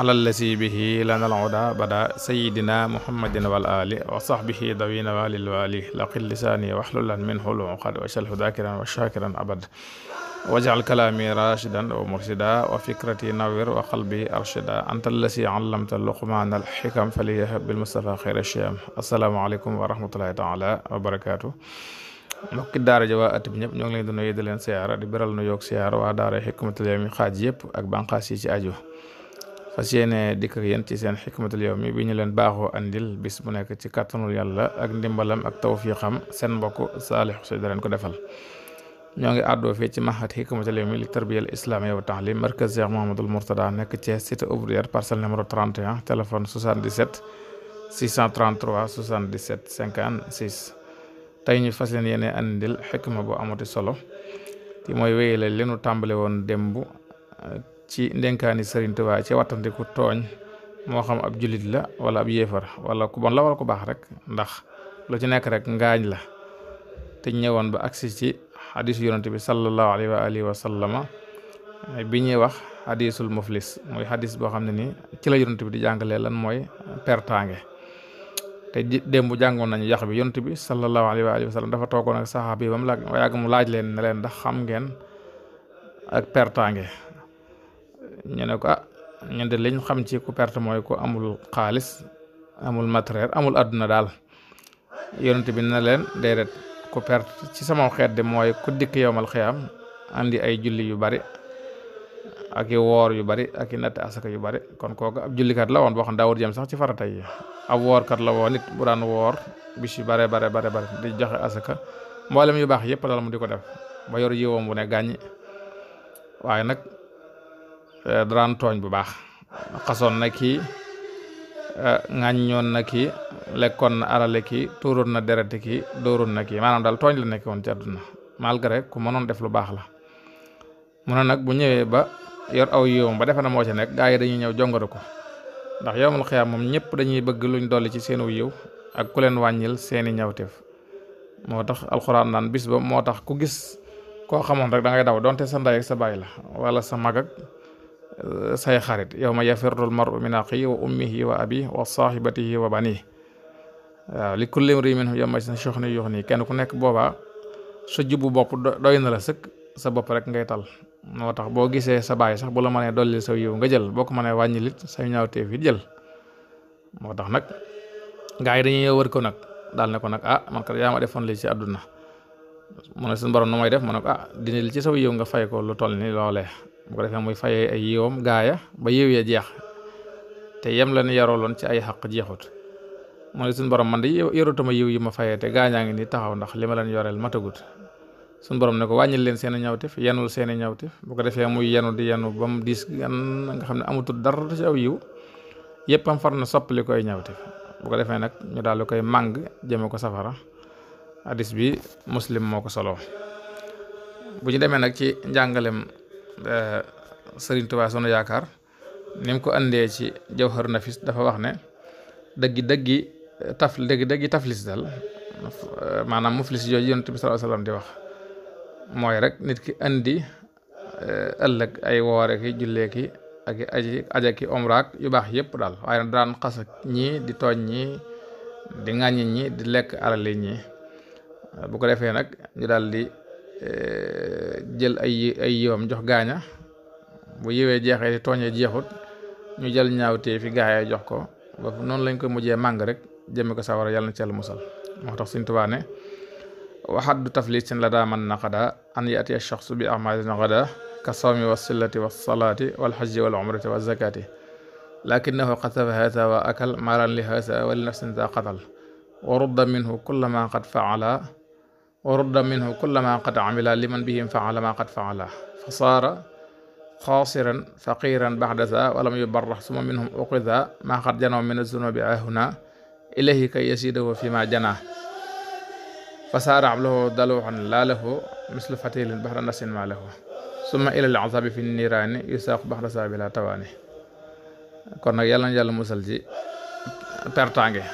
alallasi bihi lanal huda bada sayidina muhammadin wal ali wa sahbihi dawina walil wali laqil lisaani waxlulan min hulu qad wacalhu dakiran wa shakiran abad wajal kalaami rashidan wa mursida wa fikrati nawir wa qalbi arshida anta allasi allamta luqman al xikam faliyah bilmustafa xayr ashiyam assalaamu aleykum wa rahmatullahi taala wa barakaatu mbokki daara ja waa at bi ñëpp ñoo ngi leen di nuyu di leen siyaara di beral nu yoog siyaara waa daara xikmatul yawmi xaaj yëpp ak banqaas yi ci aju fas yéene dikk ak yéen ci seen xikmatul yow mi bi ñu leen baaxoo andil bis bu nekk ci kàttanul yàlla ak ndimbalam ak tawfiixam seen mbokk Saalix Xuseyn da leen ko defal ñoo ngi àddoo fii ci mahad xikmatul yow mi li tarbiyal islaamiya wa taalim markaz Cheikh Mouhamadoul Mourtada nekk ci cité ouvrière parcelle numéro 31 téléphone 77 633 77 56 tey ñu fas leen yéene andil xikma bu amati solo ci mooy wéyale li nu tàmbale woon démb ci ndenkaani Sëriñ Tuubaa ci wattandiku tooñ moo xam ab jullit la wala ab yéefar wala ku bon la wala ku baax rek ndax lu ci nekk rek ngaañ la te ñëwoon ba agsi ci xadiisu yonante bi sallallahu alayhi wa alihi wa sallama bi ñuy wax xadiisul muflis muy xadiis boo xam ne nii ci la yonante bi di jàngalee lan mooy pertaange te démb jàngoon nañu yax bi yonante bi sallallahu alayhi wa alihi wa sallam dafa toogoon ak saxaaba yi ba laa laaj yàgg mu laaj leen ne leen ndax xam ngeen ak pertaange ñu ne ko ah ñun de liñ xam ci ku mooy ku amul xaalis amul matériel amul àdduna daal te bi na leen déedéet ku perte ci sama xeet de mooy ku dikk yowmal xiyaam andi ay julli yu bari ak i woor yu bari aki i natt asaka yu bari kon kooku ab jullikat la woon boo xam daawut jëm sax ci farata yi ab woorkat la woon bu daan woor bis yu bare bare bare bare di joxe asaka mboolem yu baax yépp daal mu di ko def ba yor yiwoom bu ne gàññi waaye Eh, daraan tooñ bu baax xasoon na kii eh, ŋàññoon na ki lekkoon na arale kii tuuroon na derete kii dóoroon na kii maanaam daal tooñ la nekk woon ci àdduna malgré ku mënoon def lu baax la mu ne nag bu ñëwee ba yor aw yiwam ba defe na moo ci nekk gaa yi dañuy ñëw jongoro ko ndax yowmal xiyaam moom ñëpp dañuy bëgg luñ dolli ci seenu yiw ak ku leen wàññil seeni ñawteef moo tax alxuraan naan bis ba moo tax ku gis koo xamoon rek da daw donte sa ndey ak sa baay la wala sa mag say xarit yawma yafirru al-mar'u min axiihi wa ummihi wa abiihi wa saahibatihi wa baniihi waaw li kulli imri'in minhum yawma idhin sha'nun yughnihi kenn ku nekk boobaa sa jubbu bopp doy na la sëkk sa bopp rek ngay tal moo tax boo gisee sa baay sax bu la mënee dolli sa yiw nga jël boo ko mënee wàññi lit say ñaawteef it jël moo tax nag gaa yi dañuy wër ko nag daal ne ko nag ah man kat àdduna mu ne suñu nu may def mu ne ko ah dina li ci saw yiw nga fay ko lu toll ni loolee bu ko defee muy fayee ay yiwam gaaya ba yiw ya jeex te yem la ne yarooloon ci ay xaq jeexut mooy ne suñ borom man de yorutuma yiw yi ma fayee te gaañaa ngi ni taxaw ndax li ma leen yoreel matagut suñ borom ne ko wàññil leen seen i ñawtif yenul seeni i ñawtif bu ko defee muy yenu di yenu ba mu diis gan nga xam ne amatul dara ci aw yiw yëpp am far na soppali koy ay ñawtif bu ko defee nag ñu daal di koy màng jëme ko safara hadis bi muslim moo ko soloo bu ñu demee nag ci njàngalem Eh, sëriñ Tuubaa sunu yaakaar ni ko andee ci jawhar nafis dafa wax ne dëggi dëggi eh, taf dëggi dëggi taflis dal eh, maanaam muflis jooju yonent bi sallallahu di wax mooy rek nit ki andi ëllëg ay woore ki jullee ki ak aji aja ki omraak yu baax yëpp daal waaye nag daan xas ñii di tooñ ñii di ŋàññi ñi di lekk alali ñi bu ko defee nag ñu daal Eh, jël ay ay yiwam jox gaaña bu yiwee jeexee tooñee jeexut ñu jël ñaawtee fi gaaya jox ko ba noonu lañ koy mujjee màng rek jëme ko sawara yàlla na ci yàlla musal moo tax Sëriñ Tuubaa ne waxaddu la daa man na xadaa an yaatiya shaxsu bi amalin xadaa ka sawmi wa sillati wa salaati wal xajji wal umrati wa zakaati lakinahu xatafa haasa wa li haasa wa li wa rudda minhu kulla ma qad faala wa rudda minhu kulla ma qad amila liman bihim faala ma qad faala fa saara xaasiran faqiran baxda sa walam yubarrax suma minhum uqida ma qad janaw min azunubi ahuna ilayhi kay yasidahu fi ma jana fa saara ablahu daluxan laa lahu mislu fatilin baxda nasin ma lahu summa ila alazabi fi niiraani yusaaqu baxda sa bila tawaani kon nag yàlla na yàlla musal ci pertange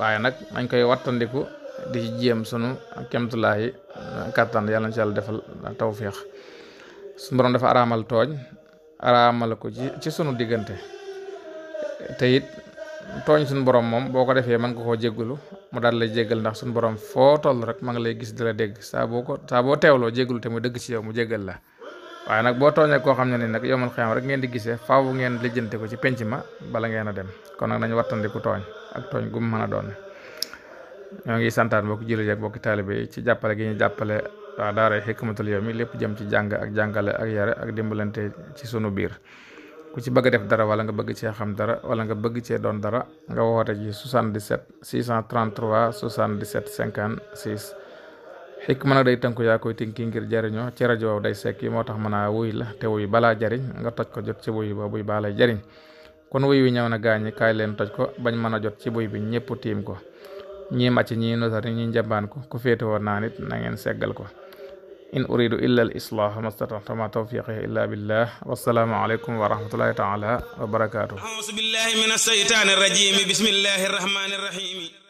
waaye nag nañ koy wattandiku di ci jéem sunu kemtulaayi uh, kàttan yàlla na ci yàlla defal tawféex suñu borom dafa araamal tooñ araamal ko ci ci sunu diggante te it tooñ suñu borom moom boo ko defee mën nga koo jéggulu mu daal lay jéggal ndax suñu borom foo toll rek ma ngi lay gis di dégg saa boo ko saa boo teewloo jéggulu te mu dëgg ci yow mu jéggal la waaye nag boo tooñee koo xam ne ni nag yomal xiyam rek ngeen di gisee faaw ngeen lijjante ko ci penc ma bala ngeen a dem kon nag nañu wattandiku tooñ ak tooñ gum mën a doon ñoo ngi santaan boo ko jullit ak mbokki taalibe yi ci jàppale gi ñu jàppale waa daara Hikmatul Yawmi lépp jëm ci jàng ak jàngale ak yare ak dimbalante ci sunu biir ku ci bëgg def dara wala nga bëgg cee xam dara wala nga bëgg cee doon dara nga woote ci 77 633 77 56 mën nag day tënku yaa koy tinki ngir jariñoo ci rajo day sekki moo tax mën a wuy la te wuy balaa jariñ nga toj ko jot ci wuy ba buy jariñ kon wuy wi ñëw na gaañi kaay leen toj ko bañ mën a jot ci buy bi ñëpp tiim ko ñii màcc ñii nosar ñii njambaan ko ku féete woon naa nit na ngeen seggal ko in uridu illa al islah mastata'tu ma tawfiqi illa billah wassalaamu aleykum wa rahmatullahi taala wa barakatuh a'uuzu